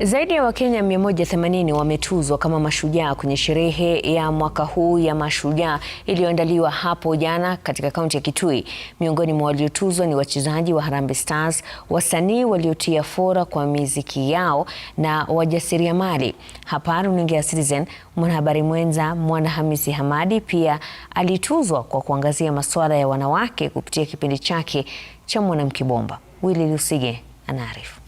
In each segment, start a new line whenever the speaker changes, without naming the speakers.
Zaidi ya Wakenya 180 wametuzwa kama mashujaa kwenye sherehe ya mwaka huu ya mashujaa iliyoandaliwa hapo jana katika kaunti ya Kitui. Miongoni mwa waliotuzwa ni wachezaji wa Harambee Stars, wasanii waliotia fora kwa miziki yao na wajasiriamali. Hapa runinga ya Citizen, mwanahabari mwenza mwana hamisi Hamadi pia alituzwa kwa kuangazia masuala ya wanawake kupitia kipindi chake cha Mwanamke Bomba. Willy Lusige anaarifu.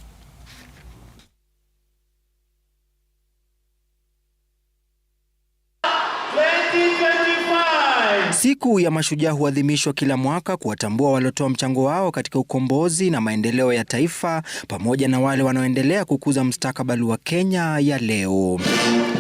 Siku ya Mashujaa huadhimishwa kila mwaka kuwatambua waliotoa mchango wao katika ukombozi na maendeleo ya taifa pamoja na wale wanaoendelea kukuza mustakabali wa Kenya ya leo.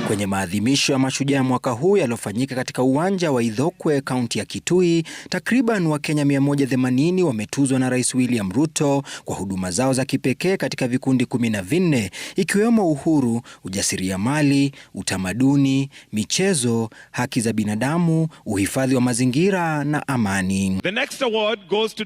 Kwenye maadhimisho ya Mashujaa mwaka huu yaliyofanyika katika uwanja wa Idhokwe, kaunti ya Kitui, takriban Wakenya 180 wametuzwa na Rais William Ruto kwa huduma zao za kipekee katika vikundi kumi na vinne ikiwemo uhuru, ujasiriamali, utamaduni, michezo, haki za binadamu, uhifadhi wa mazingira na amani.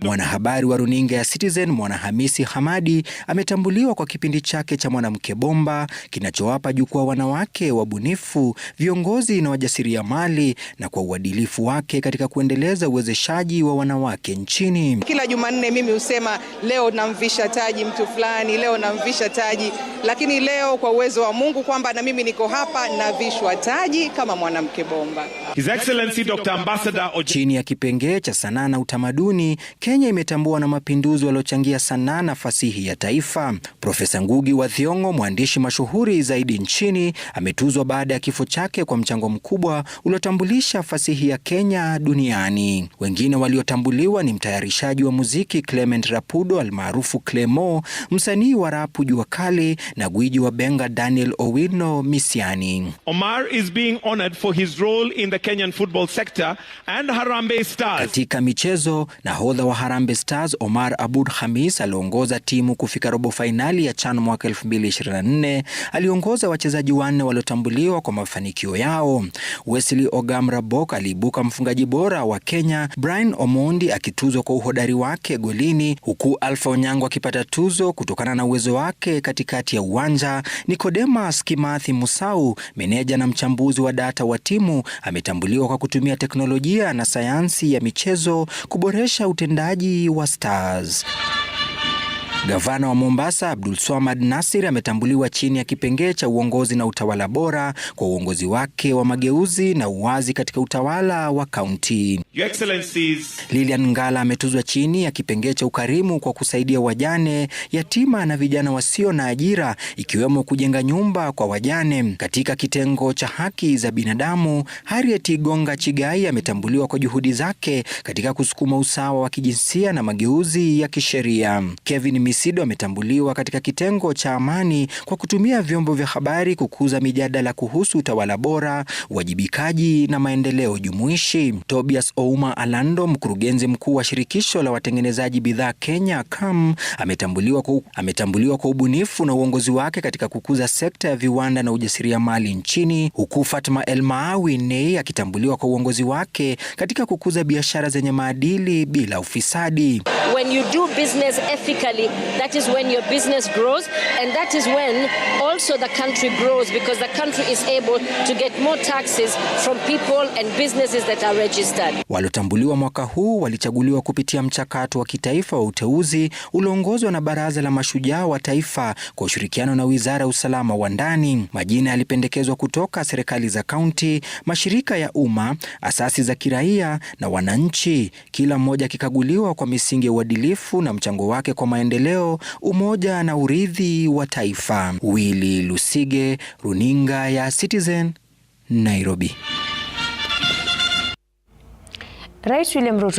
Mwanahabari wa runinga ya Citizen Mwanahamisi Hamadi ametambuliwa kwa kipindi chake cha Mwanamke Bomba kinachowapa jukwaa wanawake wabunifu, viongozi na wajasiriamali na kwa uadilifu wake katika kuendeleza uwezeshaji wa wanawake nchini.
Kila Jumanne mimi husema leo namvisha taji mtu fulani, leo namvisha taji, lakini leo kwa uwezo wa Mungu kwamba na mimi niko hapa navishwa taji kama mwanamke bomba.
His Excellency Dr. Ambassador
Chini ya kipengee cha sanaa na utamaduni, Kenya imetambua na mapinduzi waliochangia sanaa na fasihi ya taifa. Profesa Ngugi wa Thiong'o, mwandishi mashuhuri zaidi nchini, ametuzwa baada ya kifo chake kwa mchango mkubwa uliotambulisha fasihi ya Kenya duniani. Wengine waliotambuliwa ni mtayarishaji wa muziki Clement Rapudo almaarufu Clemo, msanii wa rapu Jua Kali na gwiji wa Benga Daniel Owino Misiani.
Omar is being honored for his role in the Kenyan football sector and Harambee Stars.
Katika michezo, nahodha wa Harambee Stars Omar Abud Khamis aliongoza timu kufika robo fainali ya CHAN mwaka 2024. Aliongoza wachezaji wanne waliotambuliwa kwa mafanikio yao. Wesley Ogamrabok aliibuka mfungaji bora wa Kenya, Brian Omondi akituzwa kwa uhodari wake golini, huku Alpha Onyango akipata tuzo kutokana na uwezo wake katikati ya uwanja. Nicodemas Kimathi Musau, meneja na mchambuzi wa data wa timu, ametambuliwa kwa kutumia teknolojia teknolojia na sayansi ya michezo kuboresha utendaji wa Stars. Gavana wa Mombasa Abdul Swamad Nasir ametambuliwa chini ya kipengee cha uongozi na utawala bora kwa uongozi wake wa mageuzi na uwazi katika utawala wa kaunti. Lilian Ngala ametuzwa chini ya kipengee cha ukarimu kwa kusaidia wajane, yatima na vijana wasio na ajira, ikiwemo kujenga nyumba kwa wajane. Katika kitengo cha haki za binadamu, Harriet Igonga Chigai ametambuliwa kwa juhudi zake katika kusukuma usawa wa kijinsia na mageuzi ya kisheria. Kevin Misido ametambuliwa katika kitengo cha amani kwa kutumia vyombo vya habari kukuza mijadala kuhusu utawala bora, uwajibikaji na maendeleo jumuishi. Tobias Ouma Alando, mkurugenzi mkuu wa shirikisho la watengenezaji bidhaa Kenya KAM, ametambuliwa kwa, ametambuliwa kwa ubunifu na uongozi wake katika kukuza sekta ya viwanda na ujasiriamali nchini, huku Fatma El Maawi Nei akitambuliwa kwa uongozi wake katika kukuza biashara zenye maadili bila ufisadi.
When you do business ethically, that is when your business grows and that is when also the country grows because the country is able to get more taxes from people and businesses that are registered.
Waliotambuliwa mwaka huu walichaguliwa kupitia mchakato wa kitaifa wa uteuzi ulioongozwa na Baraza la Mashujaa wa Taifa kwa ushirikiano na Wizara ya Usalama wa Ndani. Majina yalipendekezwa kutoka serikali za kaunti, mashirika ya umma, asasi za kiraia na wananchi, kila mmoja akikaguliwa kwa misingi ya uadilifu na mchango wake kwa maendeleo maendeleo, umoja na urithi wa taifa. Willy Lusige, runinga ya Citizen, Nairobi. Rais William Ruto